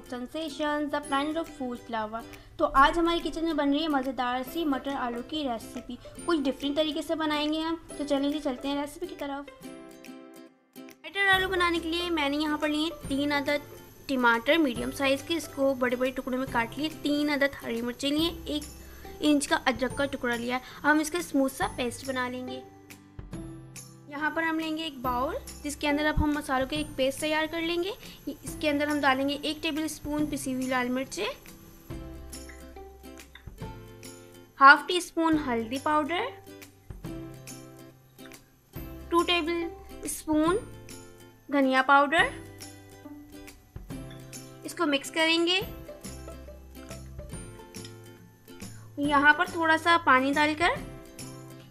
food sensation the planet of food flower तो आज हमारी किचन में बन रही है मज़ेदार सी मटर आलू की रेसिपी कुछ डिफरेंट तरीके से बनाएंगे हम तो चलिए जी चलते हैं रेसिपी की तरफ मटर आलू बनाने के लिए मैंने यहाँ पर लिए तीन अदद टमाटर मीडियम साइज़ के इसको बड़े बड़े टुकड़ों में काट लिए तीन अदद हरी मिर्ची लिए एक इंच का अदरक का टुकड़ा लिया हम इसका स्मूथ सा पेस्ट बना लेंगे यहाँ पर हम लेंगे एक बाउल जिसके अंदर अब हम मसालों के एक पेस्ट तैयार कर लेंगे इसके अंदर हम डालेंगे एक टेबल स्पून पिसी हुई लाल मिर्चें हाफ टी स्पून हल्दी पाउडर टू टेबल स्पून धनिया पाउडर इसको मिक्स करेंगे यहाँ पर थोड़ा सा पानी डालकर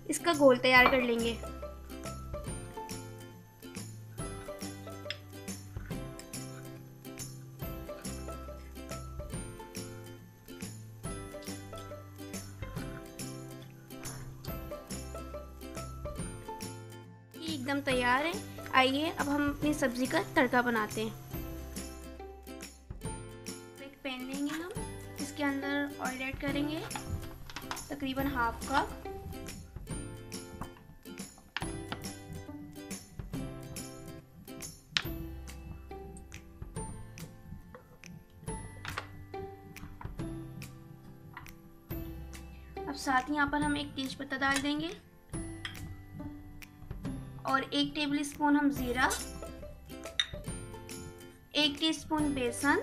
इसका घोल तैयार कर लेंगे एकदम तैयार है आइए अब हम अपनी सब्ज़ी का तड़का बनाते हैं तो एक पैन लेंगे हम इसके अंदर ऑयल ऐड करेंगे तकरीबन हाफ कप अब साथ ही यहाँ पर हम एक तेज पत्ता डाल देंगे और एक टेबल स्पून हम ज़ीरा एक टीस्पून बेसन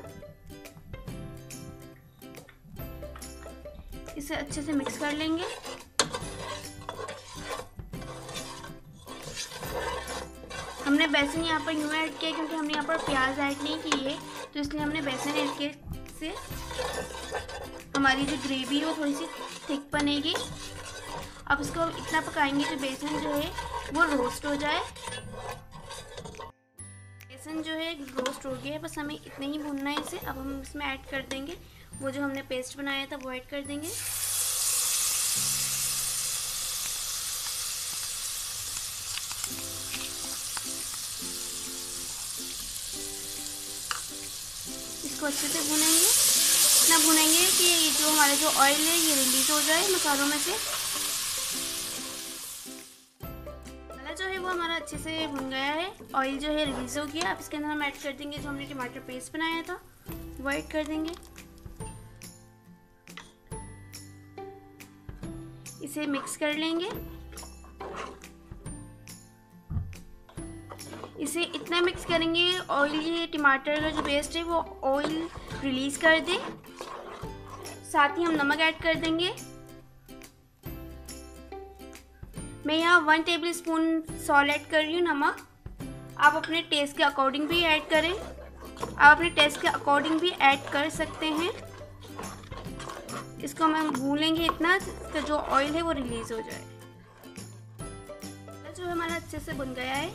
इसे अच्छे से मिक्स कर लेंगे हमने बेसन यहाँ पर यूँ ऐड किया क्योंकि हमने यहाँ पर प्याज ऐड नहीं किए तो इसलिए हमने बेसन ऐड किए से हमारी जो ग्रेवी है वो थोड़ी सी थिक बनेगी अब इसको हम इतना पकाएंगे कि बेसन जो है वो रोस्ट हो जाए बेसन जो है रोस्ट हो गया है बस हमें इतना ही भूनना है इसे अब हम इसमें ऐड कर देंगे वो जो हमने पेस्ट बनाया था वो ऐड कर देंगे इसको अच्छे से भुनेंगे इतना भुनेंगे कि जो हमारा जो ऑयल है ये रिलीज हो जाए मसालों में से वो हमारा अच्छे से भुन गया है ऑयल जो है रिलीज़ हो गया अब इसके अंदर हम ऐड कर देंगे जो हमने टमाटर पेस्ट बनाया था वो ऐड कर देंगे इसे मिक्स कर लेंगे इसे इतना मिक्स करेंगे ऑयल ये टमाटर का जो पेस्ट है वो ऑयल रिलीज़ कर दे साथ ही हम नमक ऐड कर देंगे मैं यहाँ one tablespoon salt add कर रही हूँ नमक आप अपने टेस्ट के अकॉर्डिंग भी ऐड करें आप अपने टेस्ट के अकॉर्डिंग भी ऐड कर सकते हैं इसको हम भूलेंगे इतना इसका जो ऑयल है वो रिलीज़ हो जाए जो हमारा अच्छे से बुन गया है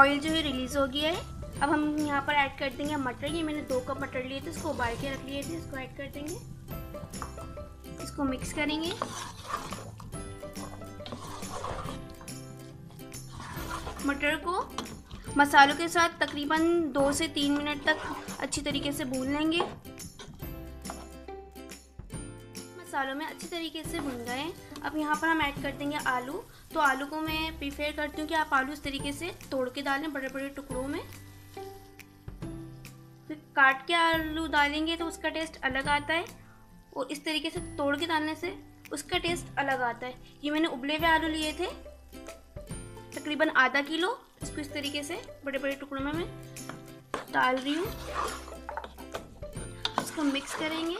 ऑयल जो है रिलीज़ हो गया है अब हम यहाँ पर ऐड कर देंगे मटर ये मैंने दो कप मटर लिए थे इसको उबाल के रख लिए थे इसको ऐड कर देंगे इसको मिक्स करेंगे मटर को मसालों के साथ तकरीबन दो से तीन मिनट तक अच्छी तरीके से भून लेंगे मसालों में अच्छी तरीके से भून गए अब यहाँ पर हम ऐड कर देंगे आलू तो आलू को मैं प्रीफेयर करती हूँ कि आप आलू इस तरीके से तोड़ के डालें बड़े बड़े टुकड़ों में फिर काट के आलू डालेंगे तो उसका टेस्ट अलग आता है और इस तरीके से तोड़ के डालने से उसका टेस्ट अलग आता है ये मैंने उबले हुए आलू लिए थे तकरीबन आधा किलो इसको इस तरीके से बड़े बड़े टुकड़ों में मैं डाल रही हूँ इसको मिक्स करेंगे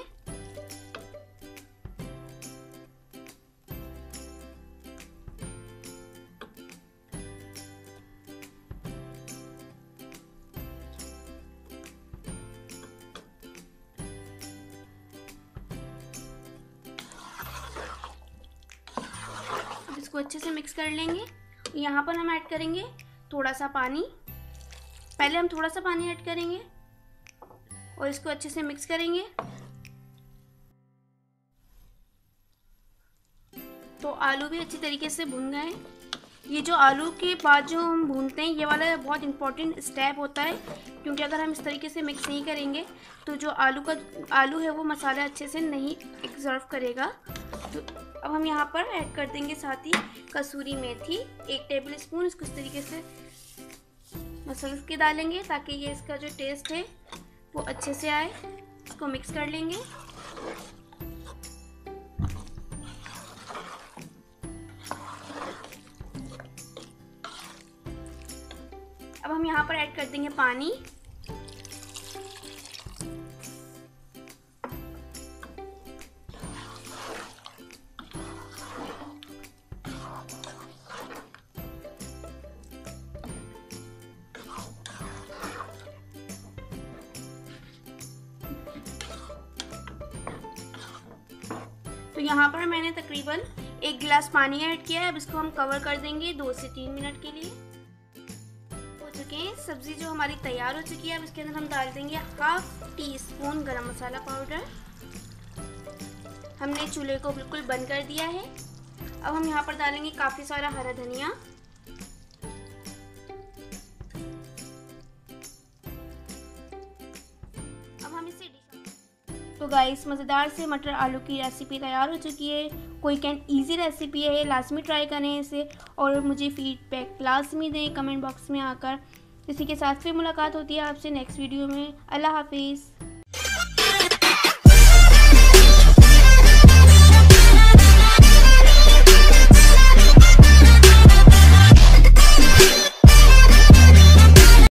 इसको अच्छे से मिक्स कर लेंगे यहाँ पर हम ऐड करेंगे थोड़ा सा पानी पहले हम थोड़ा सा पानी ऐड करेंगे और इसको अच्छे से मिक्स करेंगे तो आलू भी अच्छी तरीके से भुन गए ये जो आलू के बाद जो हम भूनते हैं ये वाला बहुत इंपॉर्टेंट स्टेप होता है क्योंकि अगर हम इस तरीके से मिक्स नहीं करेंगे तो जो आलू का आलू है वो मसाला अच्छे से नहीं एक्सर्व करेगा तो अब हम यहाँ पर ऐड कर देंगे साथ ही कसूरी मेथी एक टेबल स्पून इसको इस तरीके से मसल के डालेंगे ताकि ये इसका जो टेस्ट है वो अच्छे से आए इसको मिक्स कर लेंगे हम यहाँ पर ऐड कर देंगे पानी तो यहाँ पर मैंने तकरीबन एक गिलास पानी ऐड किया है अब इसको हम कवर कर देंगे दो से तीन मिनट के लिए हैं सब्ज़ी जो हमारी तैयार हो चुकी है अब इसके अंदर हम डाल देंगे हाफ टी स्पून गर्म मसाला पाउडर हमने चूल्हे को बिल्कुल बंद कर दिया है अब हम यहाँ पर डालेंगे काफ़ी सारा हरा धनिया अब हम इसे तो गाइस मज़ेदार से मटर आलू की रेसिपी तैयार हो चुकी है कोई कैन ईजी रेसिपी है लाजमी ट्राई करें इसे और मुझे फीडबैक लाजमी दें कमेंट बॉक्स में आकर इसी के साथ फिर मुलाकात होती है आपसे नेक्स्ट वीडियो में अल्लाह हाफिज़